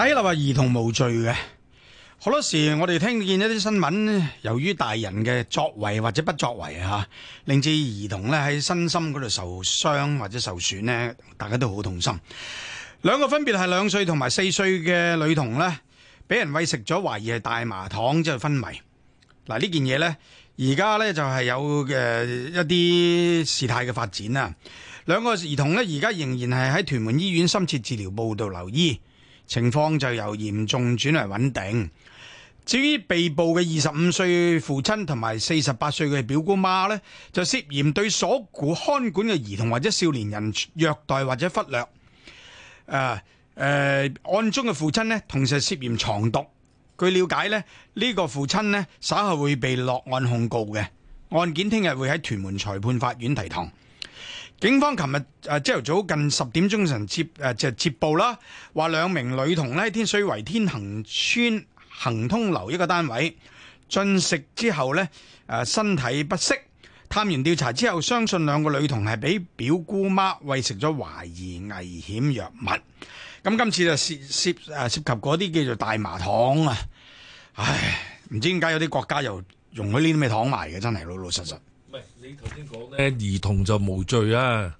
第一粒話兒童無罪嘅，好多時我哋聽見一啲新聞，由於大人嘅作為或者不作為吓，令至兒童咧喺身心嗰度受傷或者受損呢，大家都好痛心。兩個分別係兩歲同埋四歲嘅女童呢，俾人喂食咗懷疑係大麻糖，之後昏迷。嗱，呢件嘢呢，而家呢就係有嘅一啲事態嘅發展啦。兩個兒童呢，而家仍然係喺屯門醫院深切治療部度留醫。情況就由嚴重轉為穩定。至於被捕嘅二十五歲父親同埋四十八歲嘅表姑媽呢，就涉嫌對所顧看管嘅兒童或者少年人虐待或者忽略。誒、呃、誒、呃，案中嘅父親呢，同時涉嫌藏毒。據了解咧，呢、這個父親呢，稍後會被落案控告嘅。案件聽日會喺屯門裁判法院提堂。警方琴日朝早近十點鐘晨接，誒就、呃、接報啦，話兩名女童咧，天水圍天恒邨恒通樓一個單位進食之後咧身體不適，探完調查之後相信兩個女童係俾表姑媽喂食咗懷疑危險藥物。咁今次就涉涉涉及嗰啲叫做大麻糖啊！唉，唔知點解有啲國家又容許呢啲咩糖賣嘅，真係老老實實。你頭先講呢，兒童就無罪啊，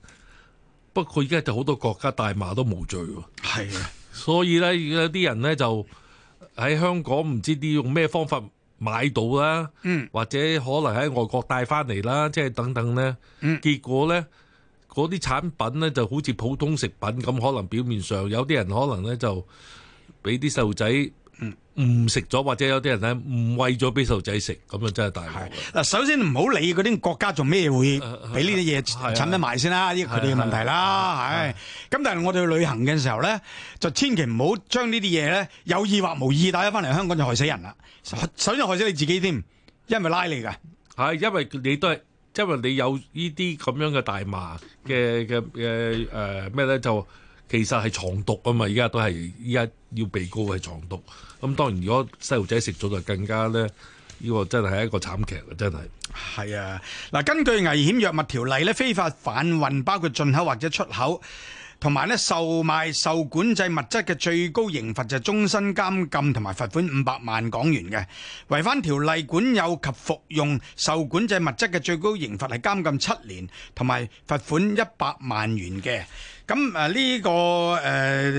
不過而家就好多國家大麻都無罪喎。啊，的所以呢有啲人呢就喺香港唔知啲用咩方法買到啦、啊，嗯、或者可能喺外國帶翻嚟啦，即、就、係、是、等等呢、啊。嗯、結果呢，嗰啲產品呢就好似普通食品咁，可能表面上有啲人可能呢就俾啲細路仔。唔食咗，或者有啲人咧，唔餵咗俾細路仔食，咁啊真係大麻。嗱，首先唔好理嗰啲國家做咩會俾呢啲嘢產得埋先啦，呢佢哋嘅問題啦，係。咁但係我哋去旅行嘅時候咧，就千祈唔好將呢啲嘢咧有意或無意帶咗翻嚟香港就害死人啦。首先害死你自己添，因為拉你噶。係，因為你都係，因為你有呢啲咁樣嘅大麻嘅嘅嘅誒咩咧就。其實係藏毒啊嘛，依家都係依家要被告係藏毒。咁當然，如果細路仔食咗就更加咧，呢個真係一個慘劇啊！真係。係啊，嗱，根據危險藥物條例咧，非法販運包括進口或者出口。同埋咧，售賣受管制物質嘅最高刑罰就係終身監禁同埋罰款五百萬港元嘅；違反條例管有及服用受管制物質嘅最高刑罰係監禁七年同埋罰款一百萬元嘅。咁誒呢個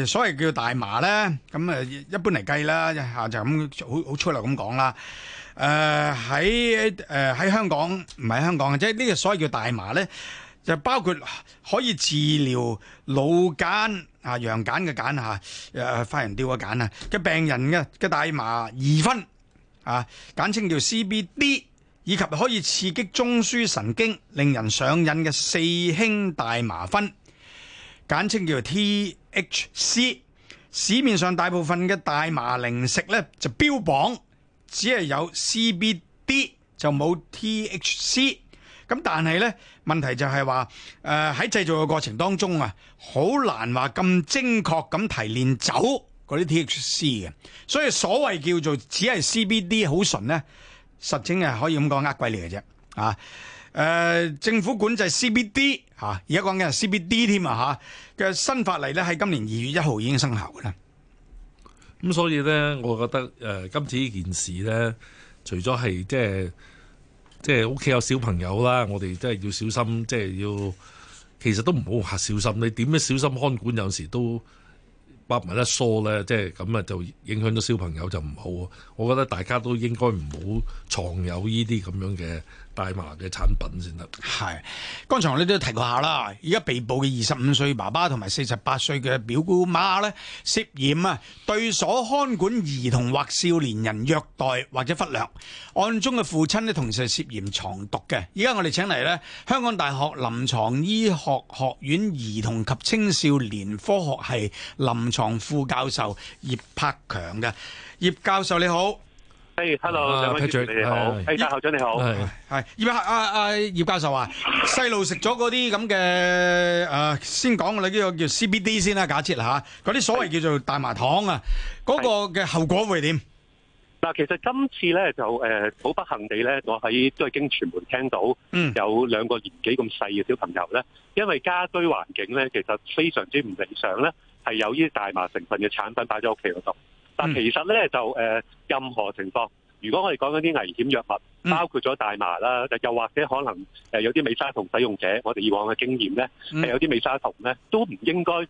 誒所謂叫大麻咧，咁誒一般嚟計啦，下就咁好好粗略咁講啦。誒喺誒喺香港唔係香港嘅，即係呢個所謂叫大麻咧。就包括可以治療腦癇啊、羊癇嘅癇吓，誒發羊吊嘅癇啊嘅病人嘅嘅大麻二酚，啊簡稱叫 CBD，以及可以刺激中樞神經令人上癮嘅四氫大麻酚，簡稱叫做 THC。市面上大部分嘅大麻零食呢，就標榜只係有 CBD 就冇 THC。咁但係咧，問題就係話誒喺製造嘅過程當中啊，好難話咁精確咁提煉走嗰啲 THC 嘅，所以所謂叫做只係 CBD 好純咧，實情係可以咁講，啊，呃鬼嚟嘅啫啊！誒，政府管制 CBD 吓，啊，而家講緊係 CBD 添啊吓嘅新法例咧，喺今年二月一號已經生效㗎啦。咁，嗯、所以咧，我覺得誒，呃，今次呢件事咧，除咗係即係。就是即係屋企有小朋友啦，我哋真係要小心，即係要其實都唔好吓小心。你點樣小心看管，有時都百密一疏呢，即係咁啊，就影響咗小朋友就唔好啊。我覺得大家都應該唔好藏有呢啲咁樣嘅。大麻嘅產品先得。係剛才我哋都提過下啦，而家被捕嘅二十五歲爸爸同埋四十八歲嘅表姑媽咧，涉嫌啊對所看管兒童或少年人虐待或者忽略。案中嘅父親咧同時係涉嫌藏毒嘅。而家我哋請嚟咧香港大學臨床醫學學院兒童及青少年科學系臨床副教授葉柏強嘅，葉教授你好。hello 你好，是哎、大葉校長是你好，係，葉阿阿葉教授啊，細路食咗嗰啲咁嘅誒，先講你呢個叫 CBD 先啦，假設吓，嗰、啊、啲所謂叫做大麻糖啊，嗰是個嘅後果會點？嗱，其實今次咧，就誒、好、呃、不幸地咧，我喺都係經傳媒聽到，有兩個年紀咁細嘅小朋友咧，因爲家居環境咧，其實非常之唔理想咧，係有呢啲大麻成分嘅產品擺咗屋企嗰度。嗯、但其實咧就誒、呃、任何情況，如果我哋講緊啲危險藥物，嗯、包括咗大麻啦，又或者可能、呃、有啲美沙酮使用者，我哋以往嘅經驗咧，誒、嗯、有啲美沙酮咧都唔應該儲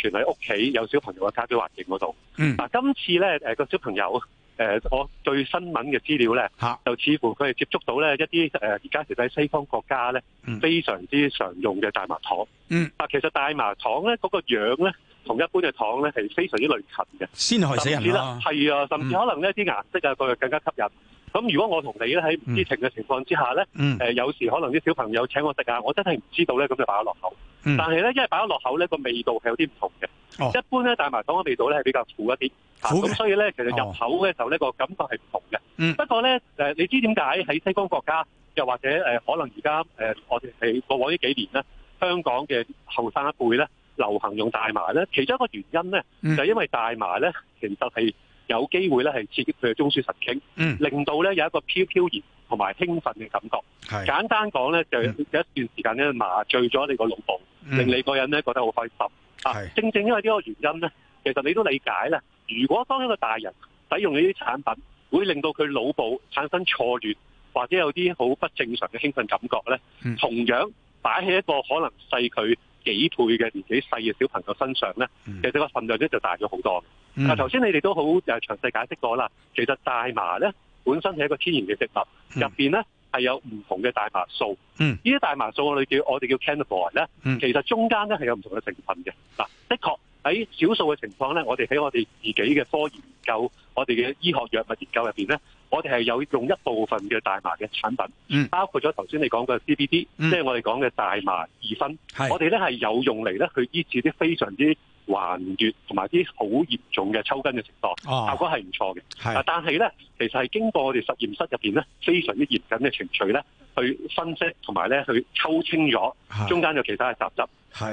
存喺屋企有小朋友嘅家居環境嗰度。嗱、嗯，今次咧誒、嗰個小朋友、呃、我最新聞嘅資料咧，就似乎佢係接觸到咧一啲誒而家其實喺西方國家咧、嗯、非常之常用嘅大麻糖。嗱、嗯，其實大麻糖咧嗰、嗰個樣咧。同一般嘅糖咧係非常之類近嘅，先害死人啦，係啊，甚至可能呢啲顏色啊，更加吸引。咁如果我同你咧喺唔知情嘅情況之下咧，誒有時可能啲小朋友請我食啊，我真係唔知道咧，咁就擺咗落口。但係咧，因為擺咗落口咧，個味道係有啲唔同嘅。一般咧，大麻糖嘅味道咧係比較苦一啲。咁所以咧其實入口嘅時候呢個感覺係唔同嘅。不過咧誒，你知點解喺西方國家，又或者誒可能而家誒我哋喺過往呢幾年咧，香港嘅後生一輩咧，流行用大麻呢，其中一個原因呢，嗯、就係因為大麻呢，其實係有機會呢，係刺激佢嘅中樞神經，嗯、令到呢有一個飄飄然同埋興奮嘅感覺。是簡單講呢，嗯、就有一段時間呢，麻醉咗你個腦部，嗯、令你個人呢覺得好開心是、啊。正正因為呢個原因呢，其實你都理解呢，如果當一個大人使用呢啲產品，會令到佢腦部產生錯亂，或者有啲好不正常嘅興奮感覺呢，嗯、同樣擺起一個可能細佢。幾倍嘅年紀細嘅小朋友身上咧，其實個份量咧就大咗好多。嗱、嗯，頭先你哋都好誒詳細解釋過啦。其實大麻咧本身係一個天然嘅植物，入邊咧係有唔同嘅大麻素。嗯，呢啲大麻素我哋叫我哋叫 cannabin 咧，嗯、其實中間咧係有唔同嘅成分嘅。嗱、啊，的確喺少數嘅情況咧，我哋喺我哋自己嘅科研研究，我哋嘅醫學藥物研究入邊咧。我哋係有用一部分嘅大麻嘅產品，嗯、包括咗頭先你講嘅 CBD，即係我哋講嘅大麻二酚。是我哋咧係有用嚟咧去醫治啲非常之頑劣同埋啲好嚴重嘅抽筋嘅情況，哦、效果係唔錯嘅。是但係咧，其實係經過我哋實驗室入邊咧非常之嚴謹嘅程序咧去分析同埋咧去抽清咗中間有其他嘅雜質，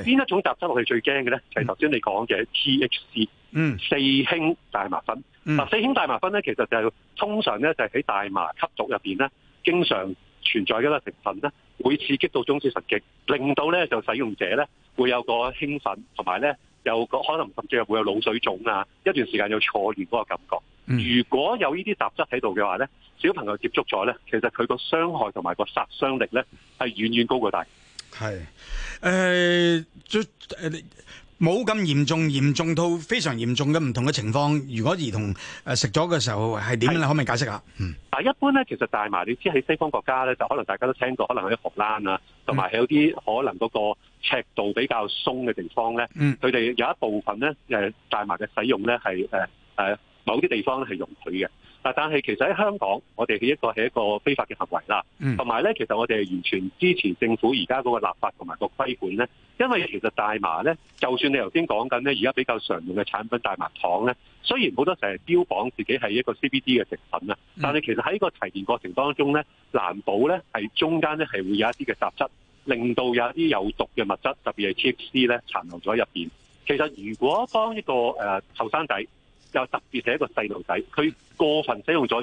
邊是一種雜質落去最驚嘅咧？是就係頭先你講嘅 THC 四氫大麻酚。嗱，嗯、四氫大麻酚咧，其實就係、通常咧就喺、係、大麻吸毒入邊咧，經常存在嘅一個成分咧，會刺激到中樞神經，令到咧就使用者咧會有個興奮，同埋咧有個可能甚至係會有腦水腫啊，一段時間有錯亂嗰個感覺。嗯、如果有呢啲雜質喺度嘅話咧，小朋友接觸咗咧，其實佢個傷害同埋個殺傷力咧係遠遠高過大。係，誒、呃，即誒。呃冇咁嚴重，嚴重到非常嚴重嘅唔同嘅情況。如果兒童食咗嘅時候係點樣？你可唔可以解釋下？嗯，但一般咧，其實大麻你知，喺西方國家咧，就可能大家都聽過，可能喺荷蘭啊，同埋有啲可能嗰個尺度比較鬆嘅地方咧，佢哋有一部分咧，大麻嘅使用咧，係、呃、某啲地方係係容許嘅。嗱，但係其實喺香港，我哋係一個係一個非法嘅行為啦。同埋咧，其實我哋係完全支持政府而家嗰個立法同埋個規管咧，因為其實大麻咧，就算你頭先講緊咧，而家比較常用嘅產品大麻糖咧，雖然好多成日標榜自己係一個 CBD 嘅食品啊，但係其實喺呢個提煉過程當中咧，難保咧係中間咧係會有一啲嘅雜質，令到有一啲有毒嘅物質，特別係 THC 咧殘留咗喺入邊。其實如果幫一個誒後生仔。又特別係一個細路仔，佢過分使用咗，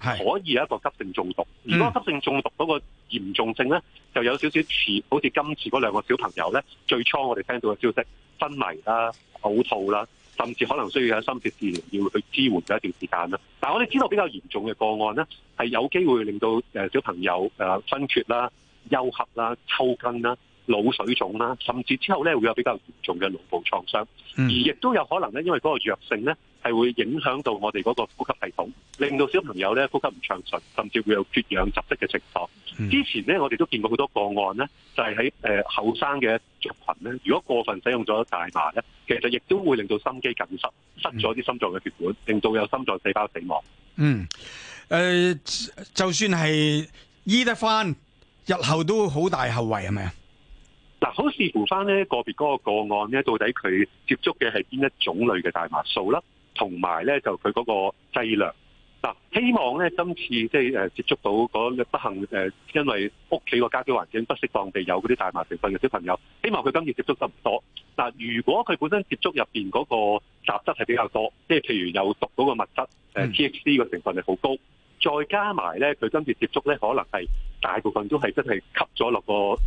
可以有一個急性中毒。如果是急性中毒嗰個嚴重性咧，嗯、就有少少似好似今次嗰兩個小朋友咧，最初我哋聽到嘅消息，昏迷啦、啊、嘔吐啦、啊，甚至可能需要有深切治療要去支援咗一段時間啦、啊。但係我哋知道比較嚴重嘅個案咧，係有機會令到小朋友誒昏厥啦、休克啦、抽筋啦、啊。腦水腫啦，甚至之後咧，會有比較嚴重嘅腦部創傷，嗯、而亦都有可能咧，因為嗰個藥性咧，係會影響到我哋嗰個呼吸系統，令到小朋友咧呼吸唔暢順，甚至會有缺氧窒息嘅情況。嗯、之前咧我哋都見過好多個案咧，就係喺誒後生嘅族群咧，如果過分使用咗大麻咧，其實亦都會令到心肌梗塞，塞咗啲心臟嘅血管，令到有心臟細胞死亡。嗯，誒、呃，就算係醫得翻，日後都好大後遺，係咪啊？是嗱，好視乎翻呢個別嗰個個案呢，到底佢接觸嘅係邊一種類嘅大麻素啦，同埋呢，就佢嗰個劑量。嗱，希望呢，今次即係接觸到嗰不幸，因為屋企個家居環境不適當地有嗰啲大麻成分嘅小朋友，希望佢今次接觸得唔多。嗱，如果佢本身接觸入邊嗰個雜質係比較多，即係譬如有毒嗰個物質 T X C 個成分係好高，再加埋呢，佢今次接觸呢，可能係大部分都係真係吸咗落個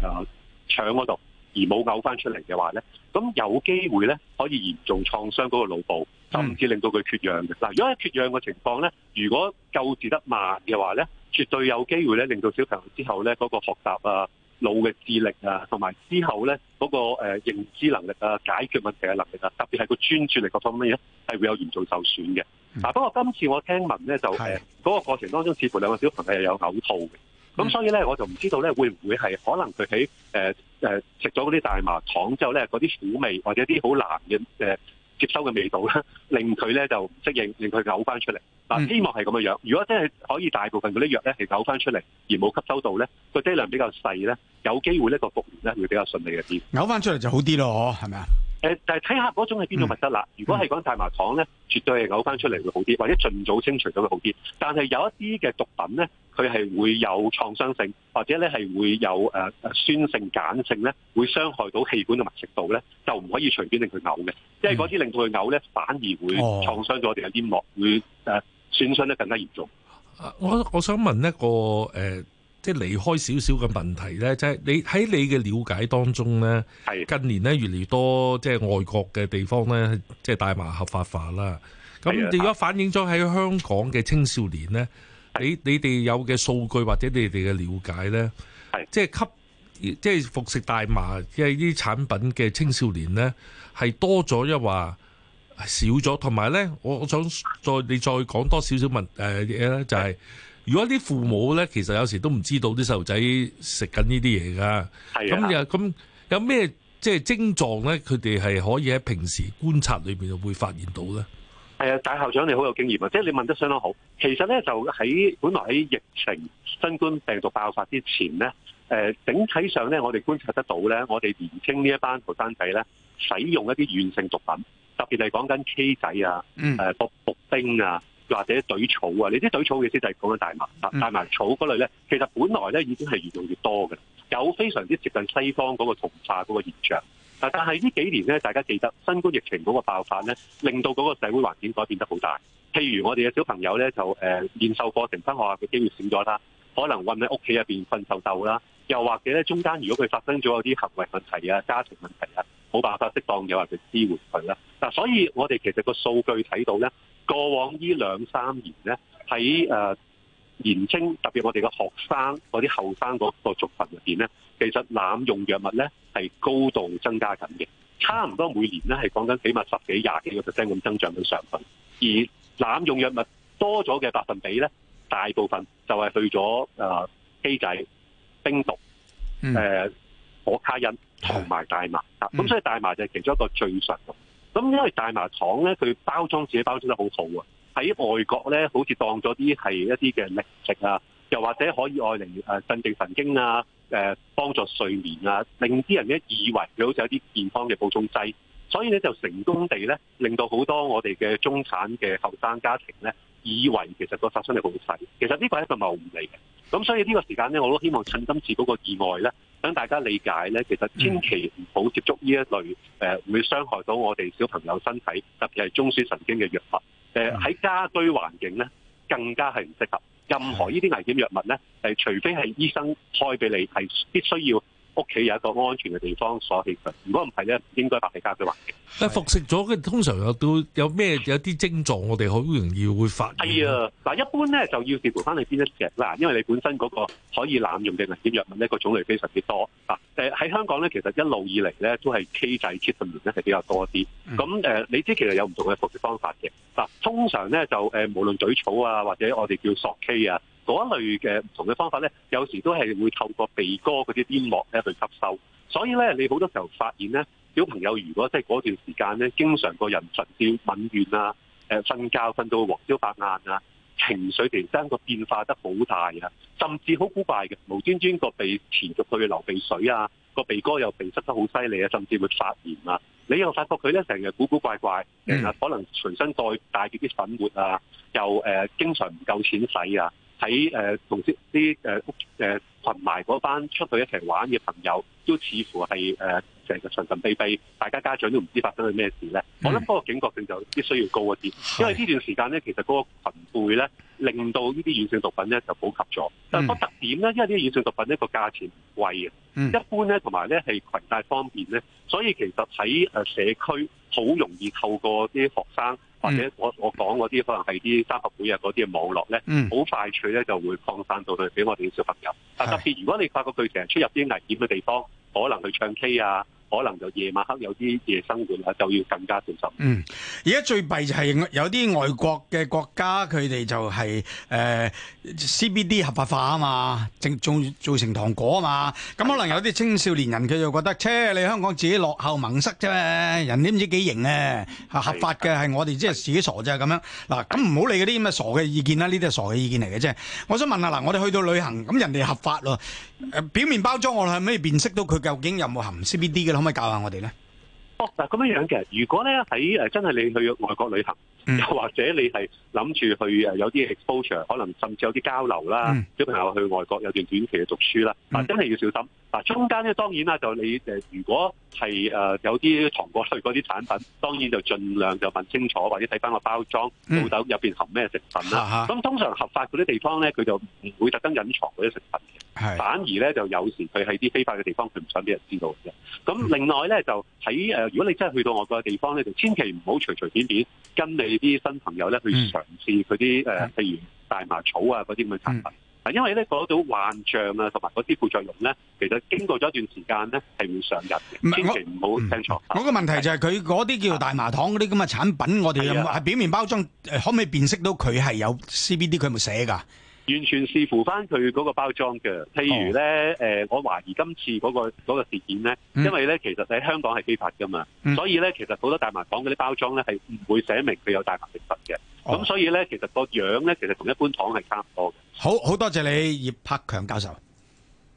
腸嗰度而冇嘔翻出嚟嘅話咧，咁有機會咧可以嚴重創傷嗰個腦部，甚至令到佢缺氧嘅。嗱，如果係缺氧嘅情況咧，如果救治得慢嘅話咧，絕對有機會咧令到小朋友之後咧嗰個學習啊、腦嘅智力啊，同埋之後咧嗰個誒認知能力啊、解決問題嘅能力啊，特別係個專注力各方面咧，係會有嚴重受損嘅。嗱，嗯、不過今次我聽聞咧，就誒嗰個過程當中似乎兩個小朋友又有嘔吐嘅。咁所以咧，我就唔知道咧，會唔會係可能佢喺誒誒食咗嗰啲大麻糖之後咧，嗰啲苦味或者啲好難嘅誒接收嘅味道咧，令佢咧就唔適應，令佢嘔翻出嚟。嗱、啊，希望係咁嘅樣。如果真係可以大部分嗰啲藥咧係嘔翻出嚟，而冇吸收到咧，個劑量比較細咧，有機會個呢個復原咧會比較順利一啲。嘔翻出嚟就好啲咯，係咪啊？誒、呃，但係睇下嗰種係邊種物質啦。如果係講大麻糖咧，絕對係嘔翻出嚟會好啲，或者盡早清除咗會好啲。但係有一啲嘅毒品咧。佢係會有創傷性，或者咧係會有誒酸性、鹼性咧，會傷害到氣管同埋食道，咧，就唔可以隨便令佢嘔嘅。嗯、即係嗰啲令到佢嘔咧，反而會創傷咗我哋嘅黏膜，哦、會誒損傷得更加嚴重。我我想問一個誒、呃，即係離開少少嘅問題咧，即、就、係、是、你喺你嘅了解當中咧，係的近年咧越嚟越多，即係外國嘅地方咧，即係大麻合法化啦。咁的如果反映咗喺香港嘅青少年咧。你你哋有嘅數據或者你哋嘅了解呢，即係吸即係服食大麻即係呢啲產品嘅青少年呢，係多咗一話少咗，同埋呢，我我想再你再講多少少問誒嘢咧，就係、是、如果啲父母呢，其實有時都唔知道啲細路仔食緊呢啲嘢㗎，咁又咁有咩即係症狀呢？佢哋係可以喺平時觀察裏面就會發現到呢？係啊，大校長你好有經驗啊，即係你問得相當好。其實咧，就喺本來喺疫情新冠病毒爆發之前咧，誒、呃、整體上咧，我哋觀察得到咧，我哋年輕呢一班學生仔咧，使用一啲軟性毒品，特別係講緊 K 仔啊，誒、毒、毒冰啊，或者隊草啊，你知隊草嘅意思就係講緊大麻啊，嗯、大麻草嗰類咧，其實本來咧已經係越用越多嘅，有非常之接近西方嗰個同化嗰個現象。但係呢幾年咧，大家記得新冠疫情嗰個爆發咧，令到嗰個社會環境改變得好大。譬如我哋嘅小朋友咧，就誒面授課程、翻學嘅機會少咗啦，可能困喺屋企入面瞓受豆啦，又或者咧中間如果佢發生咗有啲行為問題啊、家庭問題啊，冇辦法適當嘅話去支援佢啦。嗱，所以我哋其實個數據睇到咧，過往呢兩三年咧喺誒年青，特別我哋嘅學生嗰啲後生嗰個族群入面咧，其實濫用藥物咧。係高度增加緊嘅，差唔多每年咧係講緊起碼十幾、廿幾個 percent 咁增長到上品。而濫用藥物多咗嘅百分比咧，大部分就係去咗誒 E 仔、冰毒、誒、呃、可卡因同埋大麻。咁的、嗯、所以大麻就係其中一個最常嘅。咁因為大麻糖咧，佢包裝自己包裝得好好啊，喺外國咧好似當咗啲係一啲嘅零食啊，又或者可以愛嚟誒鎮定神經啊。誒幫助睡眠啊，令啲人咧以為佢好似有啲健康嘅補充劑，所以咧就成功地咧令到好多我哋嘅中產嘅後生家庭咧以為其實個殺傷力好細，其實呢個係一個謬誤嚟嘅。咁所以呢個時間咧，我都希望趁今次嗰個意外咧，等大家理解咧，其實千祈唔好接觸呢一類唔、嗯呃、會傷害到我哋小朋友身體，特別係中樞神經嘅藥物。誒、呃、喺、嗯、家居環境咧更加係唔適合。任何呢啲危險藥物咧，除非係醫生開俾你，係必須要。屋企有一個安全嘅地方鎖起佢，如果唔係咧，應該百零家嘅環境。誒的，服食咗嘅通常有到有咩有啲症狀，我哋好容易會發現？係啊，嗱，一般咧就要視乎翻你邊一隻嗱，因為你本身嗰個可以濫用嘅危險藥物咧，個種類非常之多啊。誒、呃、喺香港咧，其實一路以嚟咧都係 K 仔、Ketamine 咧係比較多啲。咁、呃、誒，你知其實有唔同嘅服食方法嘅嗱、呃，通常咧就誒、呃、無論咀草啊，或者我哋叫索 K 啊。嗰一類嘅唔同嘅方法呢，有時都係會透過鼻哥嗰啲黏膜咧去吸收，所以呢，你好多時候發現呢，小朋友如果即係嗰段時間呢，經常個人神志紊亂啊，誒瞓覺瞓到黃焦白眼啊，情緒平身個變化得好大啊，甚至好古怪嘅，無端端個鼻持續去流鼻水啊，個鼻哥又鼻塞得好犀利啊，甚至會發炎啊，你又發覺佢呢，成日古古怪怪，可能隨身帶帶住啲粉末啊，又誒經常唔夠錢使啊。喺誒同啲啲誒誒群埋嗰班出去一齊玩嘅朋友，都似乎係誒成日神神秘秘。大家家長都唔知發生咗咩事咧。Mm. 我諗嗰個警覺性就必須要高一啲，因為呢段時間咧，其實嗰個群會咧令到呢啲軟性毒品咧就普及咗。但係個特點咧，因為啲軟性毒品呢個呢品呢價錢唔貴、mm. 一般咧同埋咧係攜帶方便咧，所以其實喺誒社區好容易透過啲學生。嗯、或者我我講嗰啲可能係啲三合會啊嗰啲嘅網絡咧，好、嗯、快脆咧就會擴散到去俾我哋啲小朋友。但特別如果你發覺佢成日出入啲危險嘅地方，可能去唱 K 啊。可能就夜晚黑有啲夜生活啊，就要更加小心。嗯，而家最弊就係有啲外國嘅國家，佢哋就係、是、誒、呃、CBD 合法化啊嘛，正做做成糖果啊嘛。咁的可能有啲青少年人佢就覺得，車你香港自己落後蒙塞啫，人哋唔知幾型啊，合法嘅係我哋即係自己傻啫咁樣。嗱，咁唔好理嗰啲咁嘅傻嘅意見啦，呢啲係傻嘅意見嚟嘅啫。我想問下，嗱，我哋去到旅行咁，人哋合法咯、呃，表面包裝我哋係咪辨識到佢究竟有冇含 CBD 嘅咯？可唔可以教下我哋咧？哦，嗱咁樣樣嘅，如果咧喺誒，真係你去外國旅行。又、嗯、或者你係諗住去有啲 exposure，可能甚至有啲交流啦，小、嗯、朋友去外國有段短期嘅讀書啦，嗱、嗯啊、真係要小心。嗱、啊、中間咧當然啦，就你如果係、呃、有啲糖果類嘅產品，當然就盡量就問清楚，或者睇翻個包裝，到底入面含咩食品啦。咁、嗯啊、哈通常合法嗰啲地方咧，佢就唔會特登隱藏嗰啲食品嘅，是反而咧就有時佢喺啲非法嘅地方，佢唔想俾人知道嘅。咁另外咧就喺、呃、如果你真係去到外國嘅地方咧，就千祈唔好隨隨便便，便跟你。啲新朋友咧去嘗試佢啲誒，譬如大麻草啊嗰啲咁嘅產品。嗱、嗯、因為咧嗰種幻象啊同埋嗰啲副作用咧，其實經過咗一段時間咧係會上癮嘅，嗯、千祈唔好聽錯。我個問題就係佢嗰啲叫做大麻糖嗰啲咁嘅產品，的我哋有冇係表面包裝可唔可以辨識到佢係有 CBD 佢有冇寫㗎？完全視乎翻佢嗰個包裝嘅，譬如咧，誒、oh. 呃，我懷疑今次嗰、嗰個嗰、嗰個、事件咧，mm. 因為咧其實喺香港係非法噶嘛，mm. 所以咧其實好多大麻糖嗰啲包裝咧係唔會寫明佢有大麻成分嘅，咁、oh. 所以咧其實個樣咧其實同一般糖係差唔多嘅。好，好多謝你葉柏強教授。